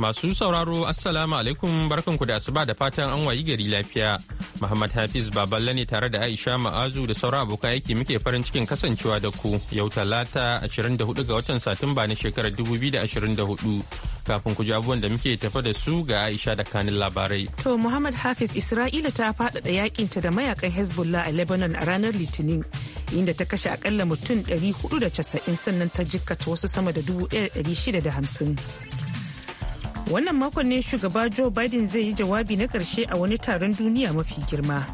Masu sauraro Assalamu alaikum barkanku da asuba da fatan an wayi gari lafiya. Muhammad Hafiz Baballe ne tare da Aisha Ma'azu da sauran abokan aiki muke farin cikin kasancewa da ku yau talata 24 ga watan Satumba na shekarar 2024. Kafin ku ji abubuwan da muke tafa da su ga Aisha da kanin labarai. To Muhammad Hafiz Isra'ila ta faɗaɗa yakinta da mayakan Hezbollah a Lebanon a ranar Litinin inda ta kashe akalla mutum 490 sannan ta jikkata wasu sama da 1650. wannan makon ne shugaba joe biden zai yi jawabi na karshe a wani taron duniya mafi girma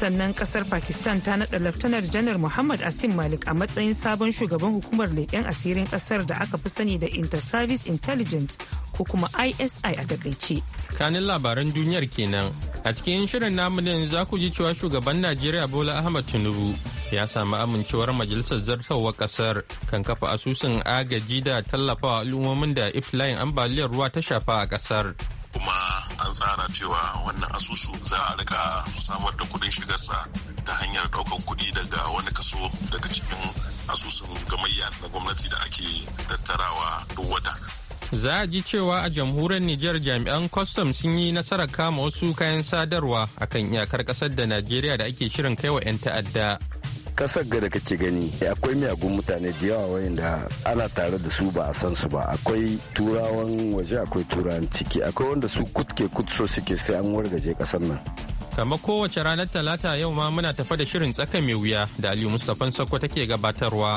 sannan kasar pakistan ta naɗa laftanar janar muhammad asim malik a matsayin sabon shugaban hukumar leƙen asirin kasar da aka fi sani da inter-service intelligence ko kuma isi a takaice kanin labaran duniyar kenan a cikin shirin namu ne za ku ji cewa shugaban najeriya bola ahmad tinubu ya samu amincewar majalisar zartarwar kasar kan kafa asusun agaji da tallafawa al'ummomin da iflayin ambaliyar ruwa ta shafa a kasar kuma tsara cewa wannan asusu za a rika samar da kuɗin shigarsa ta hanyar ɗaukan kuɗi daga wani kaso daga cikin asusun gamayya na gwamnati da ake tattarawa duk wata. Za a ji cewa a jamhuriyar Nijar jami'an kwastam sun yi nasarar kama wasu kayan sadarwa akan iyakar ƙasar da Najeriya da ake shirin kaiwa 'yan ta'adda. kasar ga da kake gani akwai miyagun mutane da yawa wayanda ana tare da su ba a san su ba akwai turawan waje akwai turawan ciki akwai wanda su kutke kutso suke sai an wargaje kasar nan kamar kowace ranar talata yau ma muna tafa da shirin tsaka mai wuya da aliyu mustapha sakko take gabatarwa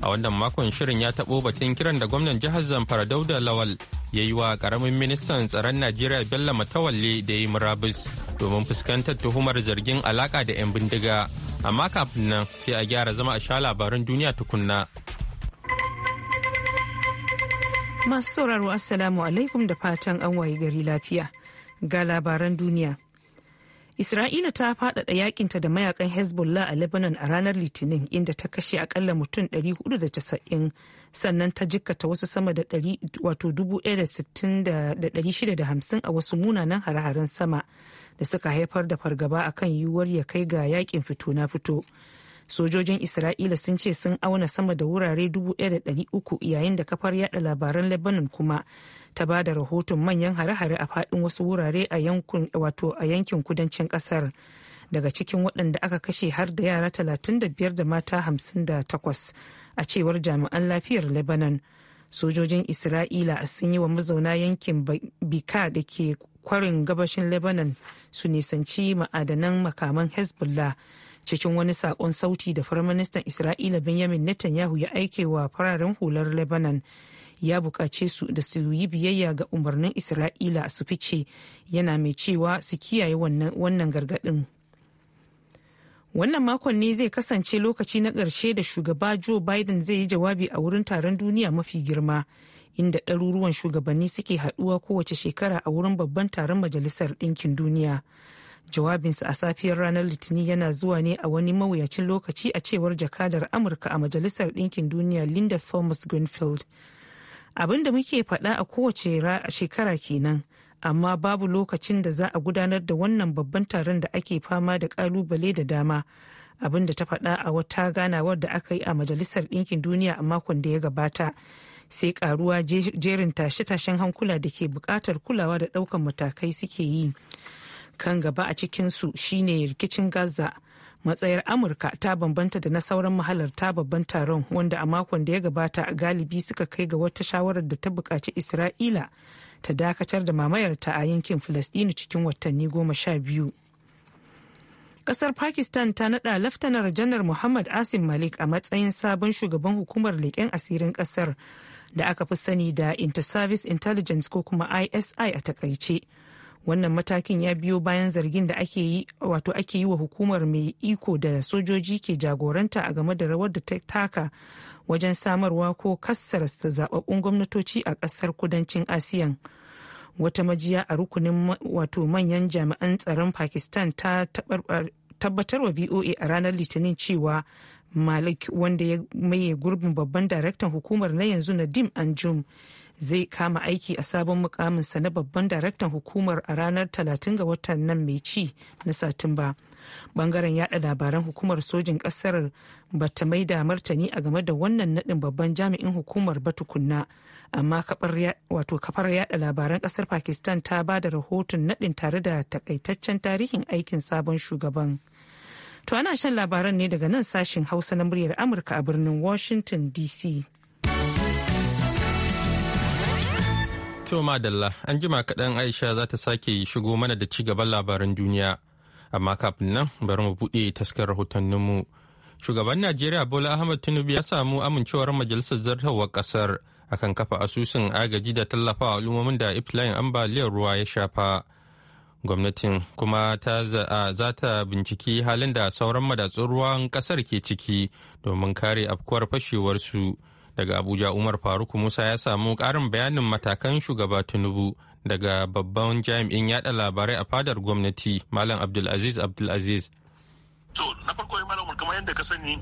a wannan makon shirin ya tabo batun kiran da gwamnan jihar zamfara dauda lawal ya yi wa karamin ministan tsaron najeriya bello matawalle da ya yi murabus domin fuskantar tuhumar zargin alaka da 'yan bindiga amma kafin nan sai a gyara zama a sha labaran duniya tukunna. Masu sauraro Assalamu alaikum da fatan an waye gari lafiya ga labaran duniya. Isra'ila ta faɗaɗa yakinta da mayakan Hezbollah a Lebanon a ranar Litinin inda ta kashe akalla mutum 490 sannan ta jikkata wasu sama da 1,650 a wasu munanan hare-haren sama. da suka haifar da fargaba a kan yiwuwar ya kai ga yakin fito na fito sojojin isra'ila sun ce sun auna sama da wurare 1,300 yayin da kafar yada labaran lebanon kuma ta ba da rahoton manyan hare-hare a faɗin wasu wurare a yankin kudancin ƙasar daga cikin waɗanda aka kashe har da yara 35 da mata 58 a cewar jami'an lafiyar lebanon sojojin isra'ila sun yi wa mazauna yankin bika da ke kwarin gabashin lebanon su nisanci ma'adanan makaman hezbollah cikin wani sakon sauti da firaministan isra'ila benjamin netanyahu ya aike wa fararen hular lebanon ya bukace su da su yi biyayya ga umarnin isra'ila su fice yana mai cewa su kiyaye wannan gargadin. wannan makon ne zai kasance lokaci na ƙarshe da shugaba joe biden zai yi jawabi a wurin taron duniya mafi girma inda ɗaruruwan shugabanni suke haɗuwa kowace shekara a wurin babban taron majalisar ɗinkin duniya jawabinsa a safiyar ranar litinin yana zuwa ne a wani mawuyacin lokaci a cewar jakadar amurka a majalisar ɗinkin duniya linda thomas greenfield abin da muke faɗa a kowace shekara kenan amma babu lokacin da za a gudanar da wannan babban taron da ake fama da kalubale da dama abin da ta faɗa a wata ganawar da aka yi a majalisar ɗinkin duniya a makon da ya gabata sai karuwa jerin tashe-tashen hankula da ke bukatar kulawa da ɗaukan matakai suke yi kan gaba a cikinsu shine rikicin gaza matsayar amurka ta bambanta da na sauran mahalarta babban taron wanda a makon da ya gabata galibi suka kai ga wata shawarar da ta buƙaci isra'ila ta dakatar da mamayarta a yankin filistini cikin watanni goma sha biyu. Kasar Pakistan ta nada Laftanar Janar Muhammad Asim Malik a matsayin sabon shugaban hukumar leƙen asirin kasar da aka fi sani da Inter-Service Intelligence ko kuma ISI a takaice. wannan matakin ya biyo bayan zargin da ake yi wato ake yi wa hukumar mai iko da sojoji ke jagoranta a game da rawar da ta taka wajen samarwa ko kassar zababbun gwamnatoci a ƙasar kudancin asiyan wata majiya a rukunin wato manyan jami'an tsaron pakistan ta tabbatar wa voa a ranar litinin cewa malik wanda ya maye gurbin babban daraktan hukumar na yanzu na nadim anjum zai kama aiki a sabon mukaminsa na babban daraktan hukumar a ranar 30 ga watan nan mai ci na satumba bangaren yada labaran hukumar sojin kasar ba ta mai da martani a game da wannan nadin babban jami'in hukumar ba tukunna amma kafar yada labaran kasar pakistan ta ba da rahoton nadin tare da takaitaccen tarihin aikin sabon shugaban to ana shan labaran ne daga nan sashen hausa na muryar amurka a birnin washington dc To madalla an jima kaɗan Aisha za ta sake shigo mana da ci gaban labaran duniya. Amma kafin nan bari mu buɗe taskar rahotanninmu. Shugaban Najeriya Bola Ahmed Tinubu ya samu amincewar majalisar zartarwar ƙasar akan kafa asusun agaji da tallafawa al'ummomin da iflayin ambaliyar ruwa ya shafa. Gwamnatin kuma ta za ta binciki halin da sauran madatsun ruwan ƙasar ke ciki domin kare afkuwar fashewarsu. su. Daga Abuja Umar Faruk Musa ya samu karin bayanin matakan shugaba Tinubu daga babban jami'in yada labarai a fadar gwamnati Malam Abdulaziz Abdulaziz. To, na farko yi malam kamar yadda ka sani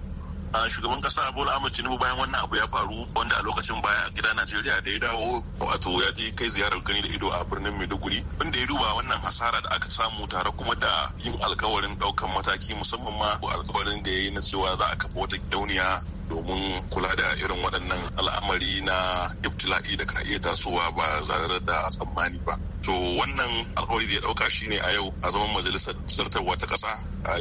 shugaban kasa abu Ahmed Tinubu bayan wannan abu ya faru wanda a lokacin baya gida Najeriya da ya dawo wato ya je kai ziyarar gani da ido a birnin Maiduguri wanda ya duba wannan hasara da aka samu tare kuma da yin alkawarin daukan mataki musamman ma alkawarin da ya yi na cewa za a kafa wata gidauniya domin kula da irin waɗannan al'amari na ibtila'i da ka iya tasowa ba zarar da tsammani ba to wannan alkawari da ya dauka shine a yau a zaman majalisar sartarwa ta kasa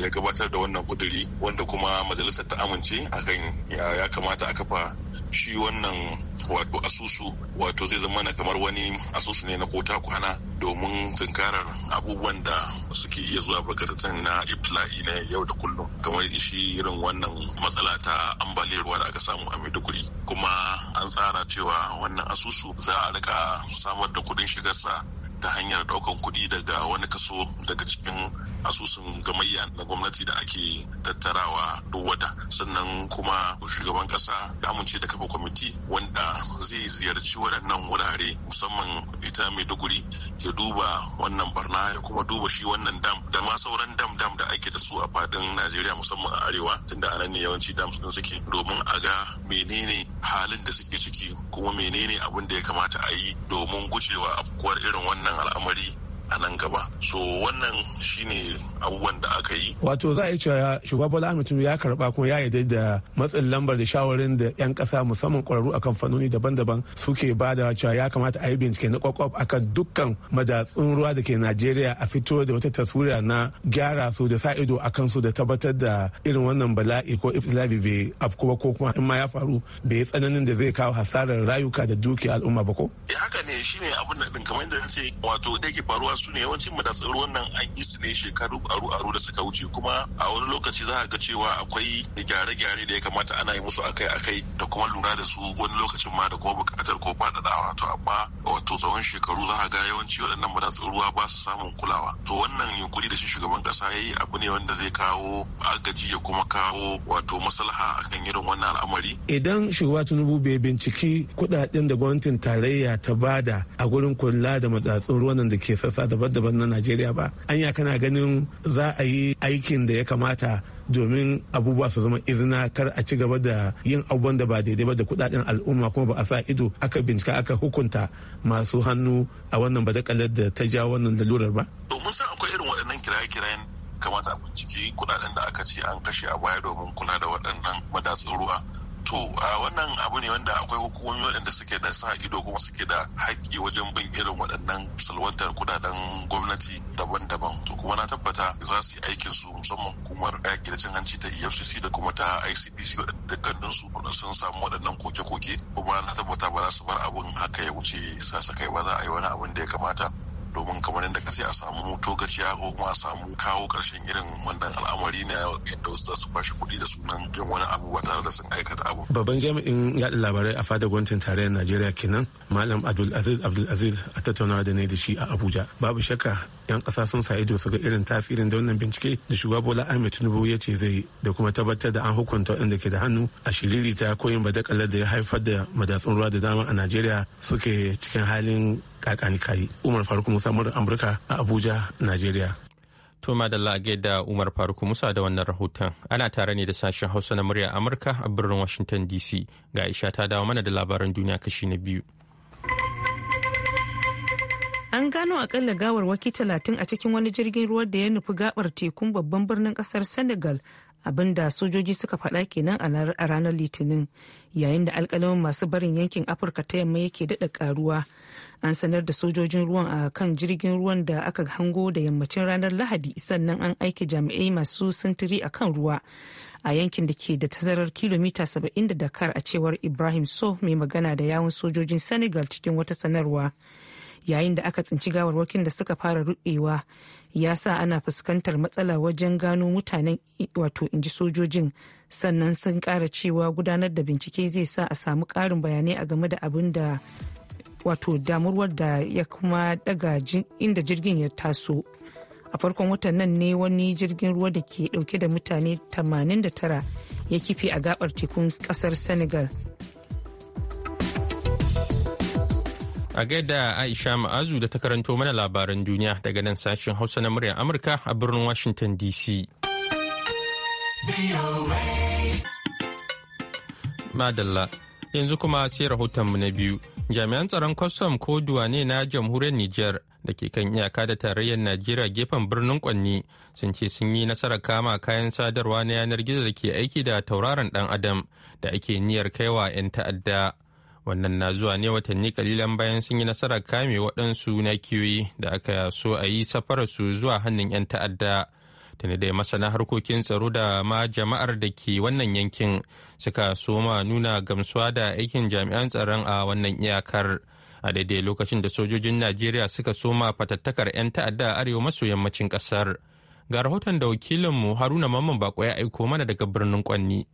ya gabatar da wannan kuduri wanda kuma majalisar ta amince akan ya kamata a kafa shi wannan wato asusu wato zai zama na kamar wani asusu ne na kota kwana domin tunkarar abubuwan da suke iya zuwa bakatattun na ibtila'i na yau da kullum kamar shi irin wannan matsala ta ambaliyar ruwa da aka samu a maiduguri kuma an tsara cewa wannan asusu za a rika samar da kudin shigarsa ta hanyar daukan kuɗi daga wani kaso daga cikin asusun gamayya na gwamnati da ake tattarawa duk wata sannan kuma shugaban kasa ya amince da kafa kwamiti wanda zai ziyarci waɗannan wurare musamman ita maiduguri ke duba wannan barna ya kuma duba shi wannan dam da ma sauran dam dam da ake da su a faɗin najeriya musamman a arewa tunda nan ne yawanci dam sun suke domin a ga menene halin da suke ciki kuma menene abin da ya kamata a yi domin gujewa afkuwar irin wannan wannan al'amari a nan gaba so wannan shine abubuwan da aka yi wato za a yi cewa shugaba bola ahmed tinubu ya karba ko ya yi da matsin lambar da shawarin da yan kasa musamman kwararru akan fannoni daban-daban suke ba da cewa ya kamata a yi bincike na kwakwaf akan dukkan madatsun ruwa da ke najeriya a fito da wata taswira na gyara su da sa ido akan su da tabbatar da irin wannan bala'i ko iftilabi bai afku ba ko kuma in ma ya faru bai tsananin da zai kawo hasarar rayuka da dukiya al'umma ba ko eh, haka ne shine abin da kamar yadda ce wato da ke faruwa su ne yawancin madatsun ruwan nan an yi su ne shekaru aru aru da suka wuce kuma a wani lokaci za a ga cewa akwai gyare-gyare da ya kamata ana yi musu akai-akai da kuma lura da su wani lokacin ma da kuma buƙatar ko faɗaɗawa to amma to tsawon shekaru za a ga yawanci waɗannan madatsun ruwa ba su samun kulawa to wannan yunkuri da shi shugaban ƙasa ya yi abu ne wanda zai kawo agaji ya kuma kawo wato maslaha akan irin wannan al'amari idan shugaba tinubu bai binciki kuɗaɗen da gwamnatin tarayya ta bada a gurin kula da madatsun ruwan da ke sassa daban-daban na najeriya ba anya kana ganin za a yi aikin da ya kamata domin abubuwa su zama izina kar a ci gaba da yin abubuwan da ba daidai ba da kudaden al'umma kuma ba a sa ido aka bincika aka hukunta ma masu hannu a wannan badakalar da ta ja wannan lalurar ba? To mun san akwai irin waɗannan kiraye-kirayen kamata a bincike kuɗaɗen da aka ce an kashe a baya domin kula da waɗannan madatsun ruwa to wannan abu ne wanda akwai hukumomi waɗanda suke da sa ido kuma suke da haƙƙi wajen bin irin waɗannan salwantar kudaden gwamnati daban-daban to kuma na tabbata za su yi aikin su musamman hukumar yaƙi da cin hanci ta efcc da kuma ta icpc dukkanin su sun samu waɗannan koke-koke kuma na tabbata ba za su bar abun haka ya wuce sasakai ba za a yi wani abun da ya kamata domin kamar yadda ka a samu togaciya ko kuma a samu kawo karshen irin wannan al'amari na yadda wasu za su kwashe kuɗi da sunan yin wani abu ba tare da sun aikata abu. Babban jami'in yaɗa labarai a fadar gwamnatin tarayyar Najeriya kenan Malam Abdul Aziz Abdul Aziz a tattaunawa da ne da shi a Abuja. Babu shakka 'yan ƙasa sun sa ido su ga irin tasirin da wannan bincike da shugaba Bola Ahmed Tinubu ya ce zai da kuma tabbatar da an hukunta waɗanda ke da hannu a shiriri ta koyin badakalar da ya haifar da madatsun ruwa da dama a Najeriya suke cikin halin kakani kayi umar faruk musa murar amurka a abuja nigeria to madalla da umar faruk musa da wannan rahoton ana tare ne da sashen hausa na murya amurka a birnin washington dc ga aisha ta dawo mana da labaran duniya kashi na biyu an gano akalla waki talatin a cikin wani jirgin ruwa da ya nufi gabar tekun babban birnin kasar senegal abinda sojoji suka faɗa kenan a ranar litinin yayin da alkalamin masu barin yankin afirka ta yamma yake daɗa karuwa an sanar da sojojin ruwan a kan jirgin ruwan da aka hango da yammacin ranar lahadi sannan an aiki jami'ai masu sintiri a kan ruwa a yankin da ke da tazarar kilomita 70 da dakar a cewar ibrahim so mai magana da yawun sojojin senegal cikin wata sanarwa yayin da aka tsinci gawarwakin da suka fara rubewa ya sa ana fuskantar matsala wajen gano mutanen wato inji sojojin sannan sun kara cewa gudanar da bincike zai sa a samu karin bayanai a game da abin da wato damuwar da ya kuma daga inda jirgin ya taso a farkon watan nan ne wani jirgin ruwa da ke dauke da mutane 89 ya kife a gabar tekun kasar senegal A gaida Aisha Ma'azu da ta karanto mana labaran duniya daga nan sashen Hausa na muryar Amurka a birnin Washington DC. Madalla, yanzu kuma sai rahotonmu na biyu. Jami'an tsaron kwastam ko ne na jamhuriyar Nijar da ke kan iyaka da tarayyar Najeriya gefen birnin Kwanni sun ce sun yi nasarar kama kayan sadarwa na yanar gizo da ke aiki da tauraron dan Adam da ake niyyar kaiwa 'yan ta'adda. wannan na zuwa ne watanni kalilan bayan sun yi nasarar kame waɗansu na kiyoyi da aka so a yi safararsu zuwa hannun 'yan ta'adda tuni dai masana harkokin tsaro da ma jama'ar da ke wannan yankin suka soma nuna gamsuwa da aikin jami'an tsaron a wannan iyakar a daidai lokacin da sojojin najeriya suka soma fatattakar 'yan ta'adda a arewa maso yammacin kasar ga rahoton da wakilinmu haruna mamman bako ya aiko mana daga birnin kwanni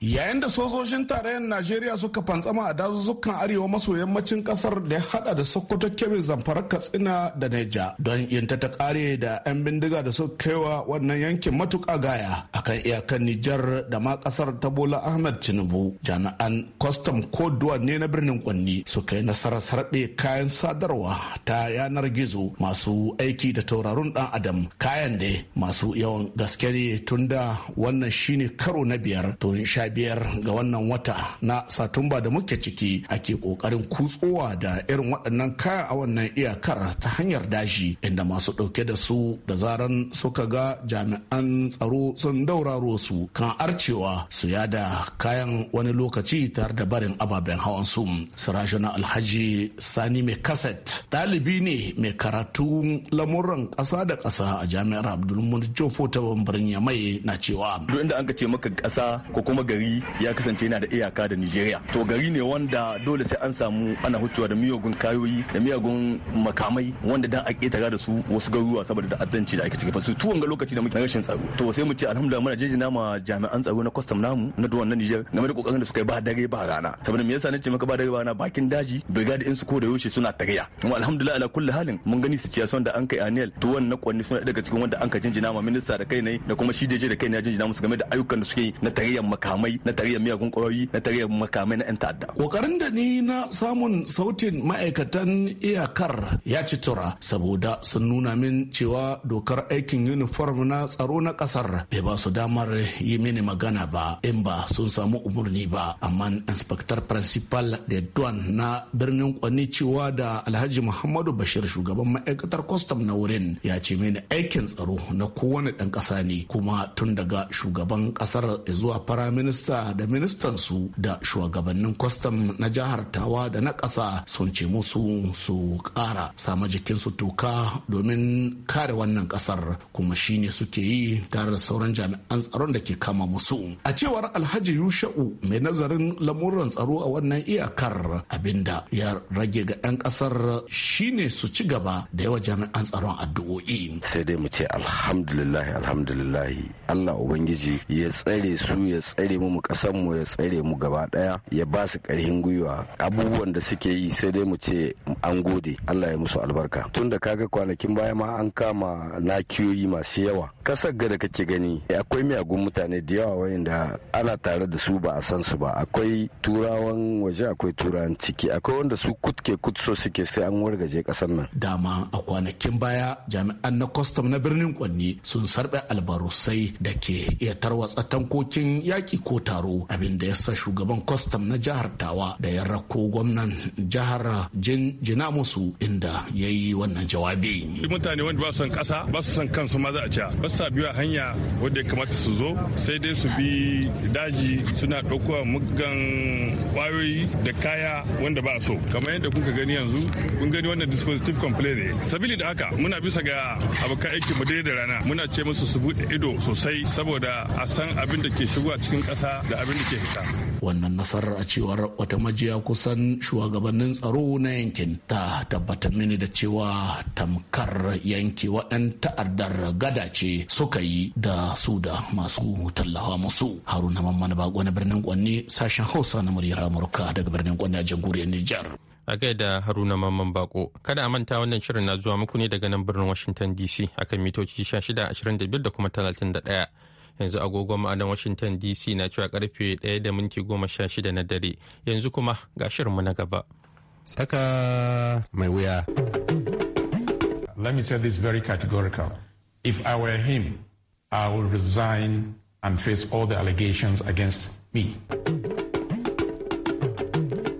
yayin da sojojin tarayyar najeriya suka fantsama a dazuzzukan arewa maso yammacin kasar da ya hada da sokoto kebbi zamfara katsina da neja don yin ta kare da 'yan bindiga da suka kaiwa wannan yankin matuka gaya akan iyakan nijar da ma kasar ta bola ahmed tinubu jami'an kwastam koduwa ne na birnin kwanni suka yi nasarar sarɗe kayan sadarwa ta yanar gizo masu aiki da tauraron dan adam kayan da masu yawan gaske ne da wannan shine karo na biyar tun sha biyar ga wannan wata na satumba da muke ciki ake kokarin kutsowa da irin waɗannan kaya a wannan iyakar ta hanyar dashi inda masu ɗauke da su da zaran suka ga jami'an tsaro sun dauraro su kan arcewa su yada kayan wani lokaci tare da barin ababen hawan su sirashina alhaji sani mai kaset ɗalibi ne mai karatu lamuran ƙasa da ƙasa a jami'ar abdulmunin jofo ta ya yamai na cewa duk inda an ka ce maka ƙasa ko kuma gari gari ya kasance yana da iyaka da Nigeria to gari ne wanda dole sai an samu ana hucewa da miyagun kayoyi da miyagun makamai wanda dan a ketara da su wasu garuruwa saboda addanci da ake ciki fa su tuwon ga lokaci da muke rashin tsaro to sai mu ce alhamdulillah muna jinjina ma jami'an tsaro na custom namu na duwan na Niger game da kokarin da suka yi ba dare ba rana saboda me yasa nace maka ba dare ba rana bakin daji brigade in su ko da yaushe suna tagaya kuma alhamdulillah ala kulli halin mun gani su son da an kai Anel to wannan kwanni suna daga cikin wanda an ka jinjina ma minista da kai ne da kuma shi da je da kai ne ya jinjina musu game da ayyukan da suke yi na tagayyar makamai makamai na tariyar miyagun ƙwayoyi na tariyar makamai na 'yan ta'adda. Kokarin da ni na samun sautin ma'aikatan iyakar ya ci tura saboda sun nuna min cewa dokar aikin uniform na tsaro na ƙasar bai ba su damar yi mini magana ba in ba sun samu umarni ba amma inspector principal da duan na birnin kwani cewa da alhaji muhammadu bashir shugaban ma'aikatar kwastam na wurin ya ce mini aikin tsaro na kowane ɗan ƙasa ne kuma tun daga shugaban ƙasar zuwa firaminista minista da ministansu da shugabannin kwastam na jihar tawa da na ƙasa sun ce musu su ƙara sama jikinsu toka domin kare wannan ƙasar kuma shine suke yi tare da sauran jami'an tsaron da ke kama musu a cewar alhaji yusha'u mai nazarin lamuran tsaro a wannan iyakar abinda ya rage ga 'yan ƙasar shine su ci gaba da yawa jami'an tsaron addu'o'i sai dai mu ce alhamdulillahi alhamdulillahi allah ubangiji ya tsare su ya tsare mu mu kasan mu ya tsare mu gaba daya ya ba su karhin gwiwa abubuwan da suke yi sai dai mu ce an gode Allah ya musu albarka tun da kaga kwanakin baya ma an kama nakiyoyi masu yawa kasar ga da kake gani akwai miyagun mutane da yawa wayanda ana tare da su ba a san su ba akwai turawan waje akwai turawan ciki akwai wanda su kutke kutso suke sai an wargaje kasar nan dama a kwanakin baya jami'an na kwastam na birnin kwanni sun sarbe albarusai da ke iya tarwatsa tankokin yaki ko kawo taro abin da ya sa shugaban kwastam na jihar tawa da ya rako gwamnan jihar jina musu inda ya yi wannan jawabi. mutane wanda ba su son kasa ba su son kansu ma za a ci ba su biyu a hanya wadda ya kamata su zo sai dai su bi daji suna ɗaukowa muggan kwayoyi da kaya wanda ba a so kamar yadda kuka gani yanzu kun gani wannan dispositive complaint ne sabili da haka muna bisa ga abokan aikin mu da rana muna ce musu su buɗe ido sosai saboda a san abin da ke shigo a cikin ƙasa kasa da abin da ke fita wannan nasarar a cewar wata majiya kusan shugabannin tsaro na yankin ta tabbatar mini da cewa tamkar yanki 'yan ta'addar gada ce suka yi da su da masu tallawa musu haruna mamman bako na birnin kwanne sashen hausa na muryar amurka daga birnin kwanne a jamhuriyar nijar a gaida haruna mamman bako kada a manta wannan shirin na zuwa muku ne daga nan birnin washington dc akan mitoci 1625 da kuma 31 yanzu agogon ma'adan washington dc na cewa karfe 1 da minti 16 na dare yanzu kuma ga shirinmu na gaba tsaka mai wuya let me say this very categorical if i were him i would resign and face all the allegations against me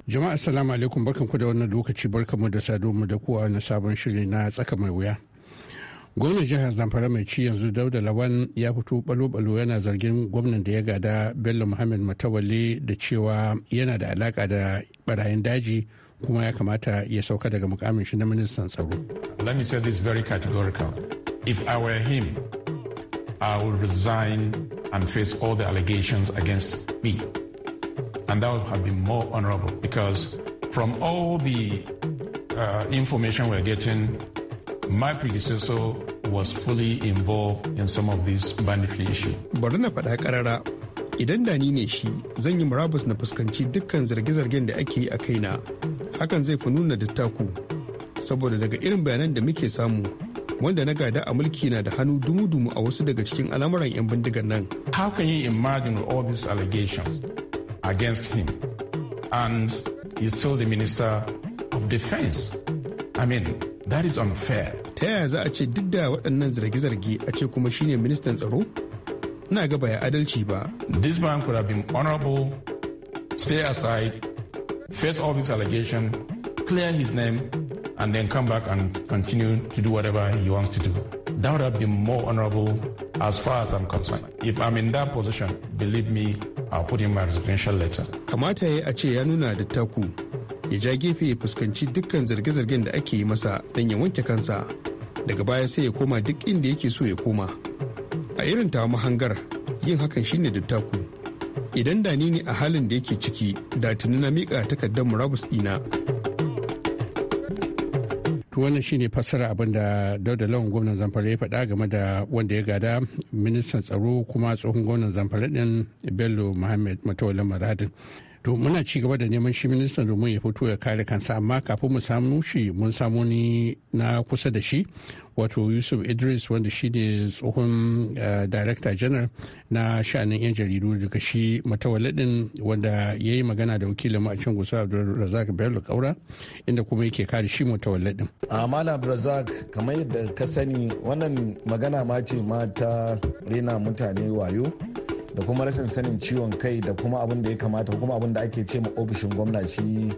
jama'a assalamu alaikum ku da wannan lokaci barkanmu da saduwa mu da kowa na sabon shiri na tsaka mai wuya gwamnan jihar zamfara mai ci yanzu dauda lawan ya fito balo-balo yana zargin gwamnan da ya gada bello muhammad matawalle da cewa yana da alaka da barayin daji kuma ya kamata ya sauka daga mukamin shi na ministan tsaro let me say this very categorical if i were him i would resign and face all the allegations against me and that would have been more honorable because from all the uh, information we're getting my predecessor was fully involved in some of these banditry issues. Bari na faɗa ƙarara idan da ni ne shi zan yi murabus na fuskanci dukkan zarge-zargen da ake yi a kaina hakan zai fi nuna dattaku saboda daga irin bayanan da muke samu wanda na gada a mulki na da hannu dumu-dumu a wasu daga cikin al'amuran 'yan bindigar nan. How can you imagine all these allegations against him and he's still the minister of defense? I mean, that is unfair. ta yaya za a ce duk da waɗannan zarge-zarge a ce kuma shine ministan tsaro na gaba ya adalci ba this man could have been honorable stay aside face all this allegation clear his name and then come back and continue to do whatever he wants to do that would have been more honorable as far as I'm concerned. If I'm in that position, believe me, I'll put in my resignation letter. Kamata ya a ce ya nuna da taku, ya ja gefe ya fuskanci dukkan zarge-zargen da ake yi masa don ya wanke kansa. daga baya sai ya koma duk inda yake so ya koma a irin ta mahangar yin hakan shine dattaku idan da ni ne a halin da yake ciki da tuni na miƙa takardar murabus ɗina wannan shine fassara abin da dauda lawan gwamnan zamfara ya faɗa game da wanda ya gada ministan tsaro kuma tsohon gwamnan zamfara din bello muhammad matawalin maradin to muna ci gaba da neman shi ministan domin ya fito ya kare kansa amma kafin mu samu shi mun samu ni na kusa da shi wato yusuf idris wanda shi ne tsohon eh, director general na sha'anin yan jaridu daga shi matawaladin wanda ya yi magana da wakilin ma'aikacin gusa abdulrazak bello kaura inda kuma yake kare shi matawaladin amala abdulrazak kamar yadda ka sani wannan magana ma ce ma ta rena mutane wayo da kuma rashin sanin ciwon kai da kuma abin da ya kamata kuma abin da ake ce ma ofishin gwamna shi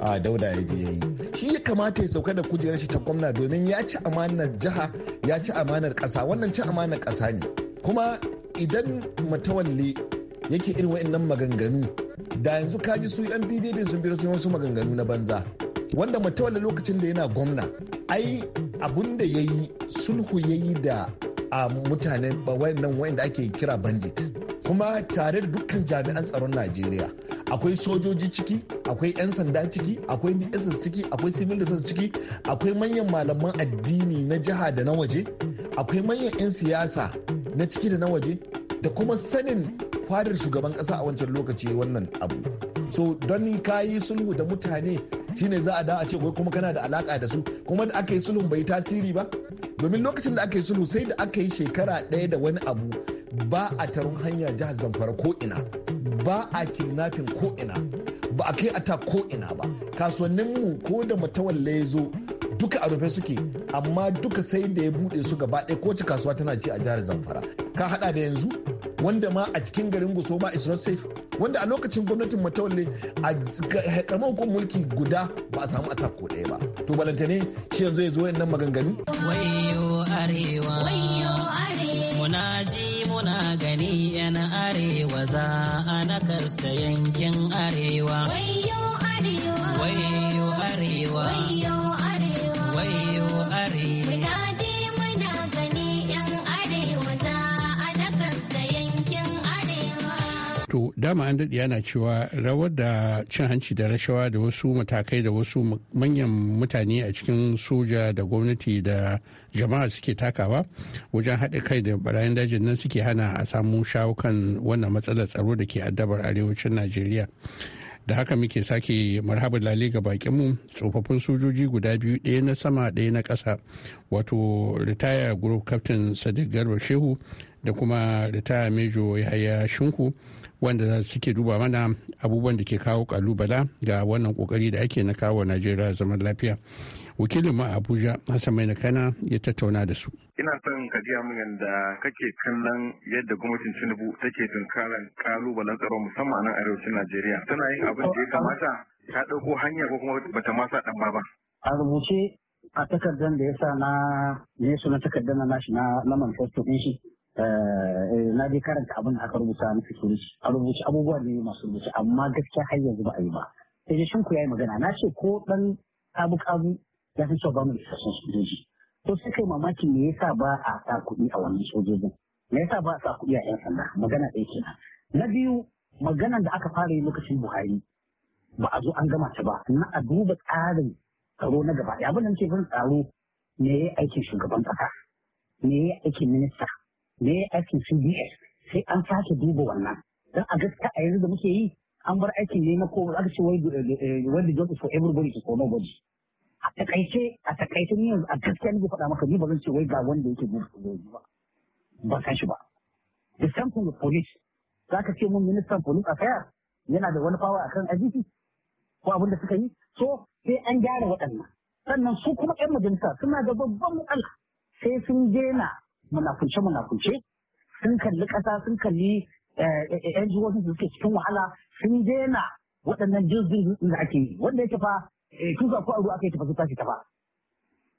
a dauda ya je yayi shi ya kamata ya sauka da kujerar shi ta gwamna domin ya ci amanar jiha ya ci amanar kasa wannan ci amanar kasa ne kuma idan matawalle yake irin wa'annan maganganu da yanzu kaji su yan pdp sun bi sun wasu maganganu na banza wanda matawalle lokacin da yana gwamna ai abun da ya sulhu yayi da a mutanen wayannan wayanda ake kira bandit kuma tare da dukkan jami'an tsaron najeriya akwai sojoji ciki akwai 'yan sanda ciki akwai dss ciki akwai civil defense ciki akwai manyan malaman addini na jiha da na waje akwai manyan 'yan siyasa na ciki da na waje da kuma sanin fadar shugaban kasa a wancan lokaci wannan abu so don ka yi sulhu da mutane shine za a da a ce wai kuma kana da alaka da su kuma da aka yi sulhu bai tasiri ba domin lokacin da aka yi sulhu sai da aka yi shekara ɗaya da wani abu ba a taron hanya jihar zamfara koina ba a kidnapping koina ba a kai ata ko ina ba kasuwanninmu ko da matawalle ya zo duka a rufe suke amma duka sai da ya bude su gaba ɗaya ko ci kasuwa tana ci a jihar zamfara ka hada da yanzu wanda ma a cikin garin guso ma is not safe wanda a lokacin gwamnatin matawalle a karamar hukumar mulki guda ba a samu attack ko ɗaya ba to balantane shi yanzu ya zo nan maganganu wayo arewa Na ji muna gani yan arewa za a nakasta yankin arewa wayo arewa wayo arewa wayo arewa dama an daɗi yana cewa rawar da cin hanci da rashawa da wasu matakai da wasu manyan mutane a cikin soja da gwamnati da jama'a suke takawa wajen haɗa kai da barayin dajin nan suke hana a samu shawukan wannan matsalar tsaro da ke addabar arewacin najeriya da haka muke sake marhabar lale ga bakinmu tsofaffin sojoji guda biyu ɗaya na sama ɗaya na ƙasa wato ritaya group captain sadiq garba shehu da kuma ritaya mejo yahaya shinku wanda suke duba mana abubuwan da ke kawo kalubala ga wannan kokari da ake na kawo najeriya zaman lafiya wakilin ma abuja hassan mai kana ya tattauna da su ina son ka ji min yadda kake kallon yadda gwamnatin tinubu take tunkarar kalubalen tsaro musamman a nan arewacin najeriya tana yin abin da ya kamata ta ɗauko hanya ko kuma bata masa dan ba a rubuce a takardar da ya sa na ne suna takardar na nashi na manifesto ɗin shi Eh, eh, na je karanta abin da aka rubuta na security a rubuci abubuwa ne masu rubuci amma gaskiya har yanzu ba a yi ba sai dai shinku ya yi magana na ce ko dan abu kazu ya fi ba mu da isassun sojoji to sai kai mamakin me yasa ba a sa kuɗi a wannan sojojin me yasa ba a sa kuɗi a yan sanda magana ɗaya kenan na biyu maganan da aka fara yi lokacin buhari ba a zo an gama ta ba na a duba tsarin tsaro na gaba abin da ce ban tsaro me ya aikin shugaban ƙasa me ya aikin minista me aikin cbs sai an sake duba wannan don a gaskiya a yanzu da muke yi an bar aikin ne na ko aka ce wanda eh, job is for everybody to for nobody a takaice a takaice ni a gaskiya nake faɗa maka ni ba zan ce wai ga wanda yake gudu ba ba san shi ba the same thing with police za ka ce mun ministan police kaya yana da wani fawa akan IGP ko abin da suka yi so sai an gyara waɗannan sannan su kuma 'yan majalisa suna da babban matsala sai sun daina munafunce munafunce sun kalli ƙasa sun kalli yan jihohin da suke cikin wahala sun daina waɗannan jirgin da ake yi wanda ya tafa tun eh, ko a ruwa aka yi tafa su tashi tafa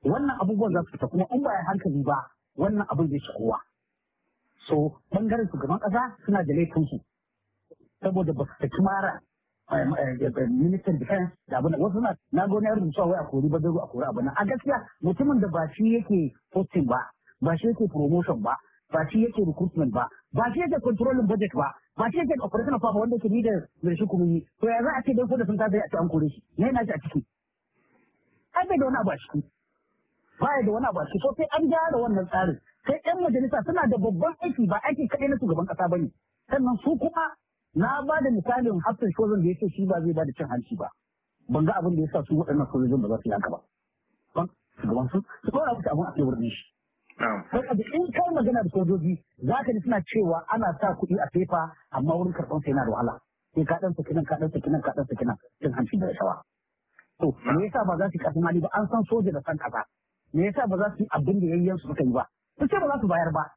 wannan abubuwan za su fita kuma in ba ya hankali ba wannan abin zai kowa so bangaren shugaban ƙasa suna da laifinsu saboda ba su saki mara eh, eh, ministan defense da abin wasu na na gona yar rubutu wai a kori ba zai a kori abin a gaskiya mutumin da ba shi yake hosting ba ba shi yake promotion ba ba shi yake recruitment ba ba shi yake controlling budget ba ba shi yake operational power wanda yake leader da shi kuma yi to ya za a ce dai ko da sun ta zai a ci an kore shi ne na shi a ciki ai bai da wani abu a ciki da wani abu a ciki so sai an gyara wannan tsarin sai yan majalisa suna da babban aiki ba aiki kaɗai na shugaban ƙasa ba ne sannan su kuma na ba da misalin hafsan shozan da ya ce shi ba zai ba da cin hanci ba ban ga abin da ya sa su waɗannan sojojin ba za su yi haka ba shugaban su su kawai da abin a kai wurin shi Saboda in kai magana da sojoji za ka ji suna cewa ana sa kuɗi a fefa amma wurin karɓar sai yana da wahala. Sai ka ɗan sakinan ka ɗan sakinan ka ɗan sakinan cin hanci da rashawa. To me yasa ba za su kasu mali ba an san soja da san ƙasa. Me yasa ba za su yi abin da yayyan su suka yi ba. Su ce ba za su bayar ba.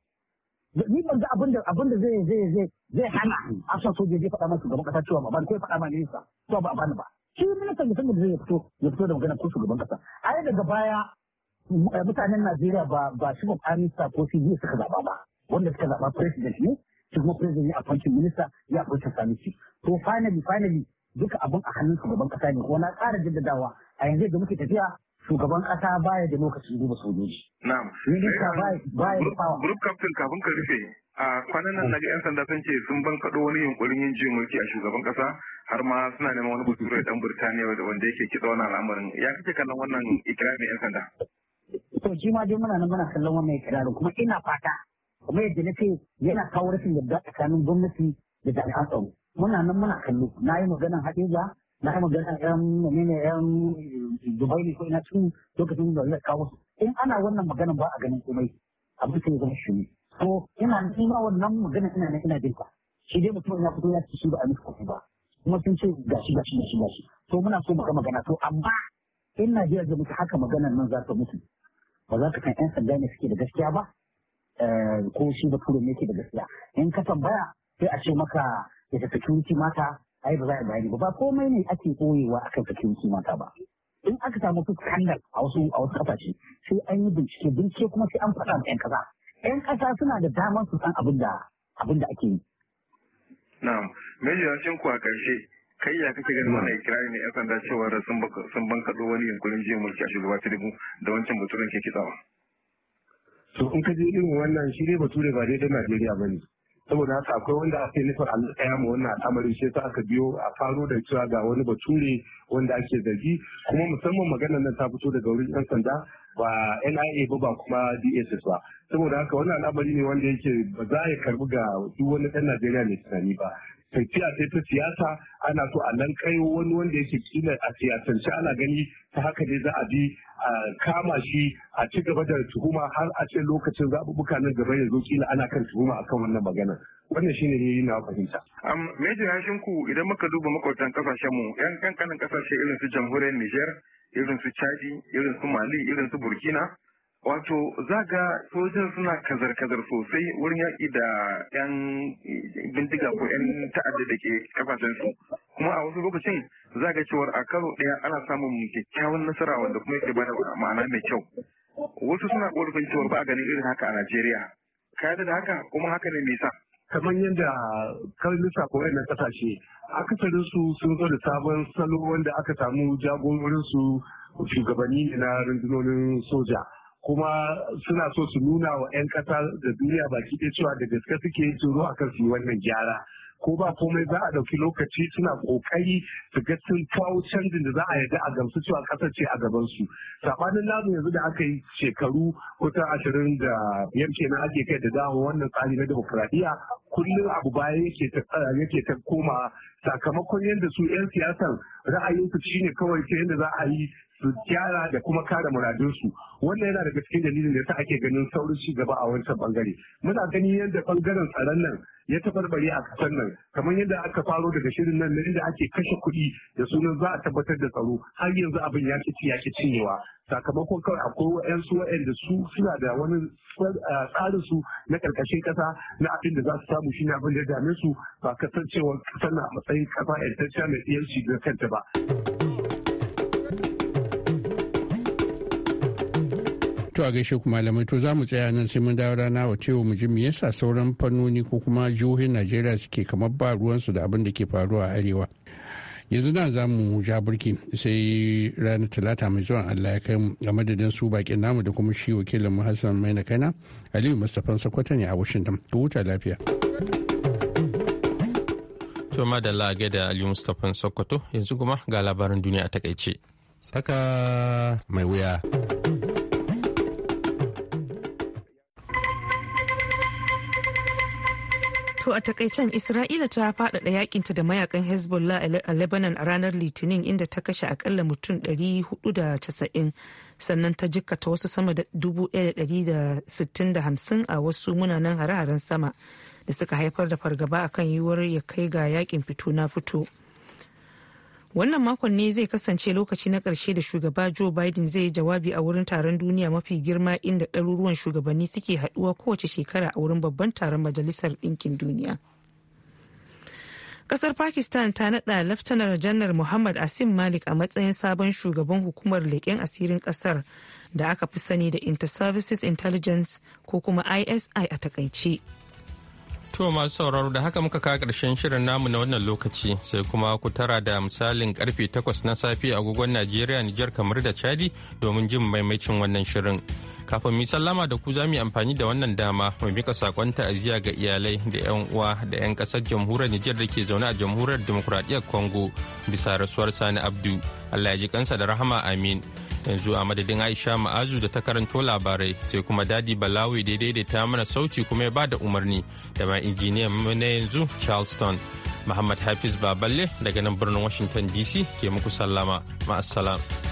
Ni ban ga abin da abin da zai zai zai zai hana a san sojoji faɗa masu gaban ƙasa cewa ba ban ya faɗa mani ne yasa. To ba a bani ba. Shi ministan da sanda da zai fito ya fito da magana ko shugaban ƙasa. A daga baya mutanen Najeriya ba ba shi Buhari sa ko CBN suka zaba ba wanda suka zaba president ne shi kuma president ya appointing minister ya appointing sanisi to finally finally duka abin a hannun shugaban kasa ne wani na ƙara jaddadawa a yanzu da muke tafiya shugaban kasa baya da lokacin duba sojoji. Na'am. Minista um, baya da fawa. Group captain kafin ka rufe a kwanan nan naga yan sanda sun ce sun bankaɗo wani yunkurin yin juyin mulki a shugaban kasa har ma suna neman wani bature dan Burtaniya wanda yake kitsa wannan al'amarin. Ya kace kallon wannan ikirarin yan sanda? to shi ma dai muna nan muna kallon wannan ikirarin kuma ina fata kuma yadda na ce yana kawo rashin yarda tsakanin gwamnati da jami'an tsaro muna nan muna kallo na yi maganar haɗeja na yi maganar yan menene yan dubai ne ko ina tun lokacin da zai kawo in ana wannan maganar ba a ganin komai abin sai ya zama shi to ina ma wannan maganar ina nan ina jin ta shi dai mutum ya fito ya ci shi ba a nufi kofi ba kuma sun ce gashi gashi gashi gashi to muna so mu ga magana to amma in Najeriya da mutu haka maganar nan za ta mutu ba za ka kai yan sanda ne suke da gaskiya ba eh, ko shi da turo ne yake da gaskiya in ka tambaya sai a ce maka da security mata ai ba za a bayani ba ba komai ne ake koyewa akan security mata ba in aka samu su kandar a wasu a wasu kasashe sai an yi bincike bincike kuma sai an faɗa ma 'yan ƙasa 'yan ƙasa suna da damar su san abin da ake yi. Na'am, me yashin ku a ƙarshe kai ya kake ganin wannan ikirari ne ya sanda cewa sun bankaɗo wani yunkurin jiya mulki a shugaba dubu da wancan baturen ke kitsawa. to in ka je irin wannan shi ne bature ba daidai najeriya ba ne saboda haka akwai wanda aka yi nufin alƙaya ɗaya ma wannan al'amarin shi yasa aka biyo a faro da cewa ga wani bature wanda ake zargi kuma musamman maganar nan ta fito daga wurin yan sanda ba nia ba ba kuma dss ba saboda haka wannan al'amari ne wanda yake ba za a karbi ga duk wani ɗan najeriya mai tunani ba tafiya sai ta siyasa ana so a nan kai wani wanda yake kila a siyasance ana gani ta haka ne za a bi a kama shi a ci gaba da tuhuma har a ce lokacin zaɓuɓɓuka nan gaba ya zo kila ana kan tuhuma akan wannan magana wannan shine ne na fahimta. Um, Hashinku idan muka duba makwabtan kasashen mu yan kankanin kasashe irin su jamhuriyar Nijar, irin su Chadi, irin su Mali, irin su Burkina, wato zaga sojin suna kazar-kazar sosai wurin yaƙi da 'yan bindiga ko 'yan ta'adda da ke kafacensu kuma a wasu lokacin zaga cewar a karo ɗaya ana samun kyakkyawan nasara wanda kuma yake bada ma'ana mai kyau wasu suna ƙorafin cewar ba a ganin irin haka a najeriya Kayada da haka kuma haka ne nisa kamar yadda karnuka ko wayannan kasashe akasarin su sun zo da sabon salo wanda aka samu jagororinsu shugabanni na rundunonin soja kuma suna so su nuna wa 'yan kasa da duniya baki ɗaya cewa da gaske suke su zo akan su yi wannan gyara ko ba komai za a ɗauki lokaci suna ƙoƙari su ga sun kawo canjin da za a yarda a gamsu cewa ƙasar ce a gaban su sabanin lazo yanzu da aka yi shekaru kusan ashirin da biyar kenan ake kai da dawo wannan tsari na demokradiyya kullum abu baya yake ta yake ta koma sakamakon yadda su 'yan siyasar ra'ayinsu shine kawai ta yadda za a yi su gyara da kuma kare muradinsu wannan yana daga cikin dalilin da ta ake ganin saurin ci gaba a wancan bangare muna gani yadda bangaren tsaron nan ya tabarbare a kasar nan kamar yadda aka faro daga shirin nan na inda ake kashe kuɗi da sunan za a tabbatar da tsaro har yanzu abin ya ci ya ci cinyewa sakamakon kawai akwai wa'yansu wa'yanda su suna da wani tsarin su na ƙarƙashin ƙasa na abin da za su samu shine abin da ya dame su ba kasancewar kasar na matsayin ƙasa yantacciya mai iyalci da kanta ba. To a gaishe ku malamai to za mu tsaya nan sai mun dawo rana wa cewa mu ji me yasa sauran fannoni ko kuma jihohin Najeriya suke kamar ba ruwansu da abin da ke faruwa a arewa. Yanzu nan za mu ja burki sai rana talata mai zuwa Allah ya kai mu a madadin su bakin namu da kuma shi wakilin mu Hassan Maina Kaina Aliyu Mustapha Sakwata ne a Washington. Ku huta lafiya. To madalla ga da Aliyu Mustapha Sokoto yanzu kuma ga labaran duniya a takaice. Saka mai wuya. To a takaicen Isra'ila ta faɗaɗa yakinta da mayakan Hezbollah a Lebanon a ranar Litinin inda ta kashe akalla mutum 490 sannan ta jikkata wasu sama da 1,650 a wasu munanan hare-haren sama da suka haifar da fargaba akan yiwuwar ya kai ga yakin fito na fito. wannan makon ne zai kasance lokaci na ƙarshe da shugaba joe biden zai yi jawabi a wurin taron duniya mafi girma inda ɗaruruwan shugabanni suke haɗuwa kowace shekara a wurin babban taron majalisar ɗinkin duniya kasar pakistan ta naɗa laftanar janar muhammad asim malik a matsayin sabon shugaban hukumar leƙen asirin ƙasar da aka fi sani da inter services intelligence ko kuma isi a takaice To masu sauraro da haka muka kawo ƙarshen shirin namu na wannan lokaci sai kuma ku tara da misalin karfe 8 na safe a agogon Najeriya Nijar kamar da Chadi domin jin maimacin wannan shirin. Kafin mu sallama da ku za mu yi amfani da wannan dama mu mika sakon ta'aziyya ga iyalai da 'yan uwa da 'yan kasar jamhuriyar Nijar da ke zaune a jamhuriyar demokuraɗiyyar Congo bisa rasuwar Sani Abdu. Allah ya ji kansa da rahama amin. yanzu a madadin aisha ma'azu da ta karanto labarai sai kuma dadi balawi da ta mana sauti kuma ya bada umarni da ma injiniyan mu na yanzu charleston muhammad hafiz baballe daga nan birnin washington dc ke muku sallama ma'assalam.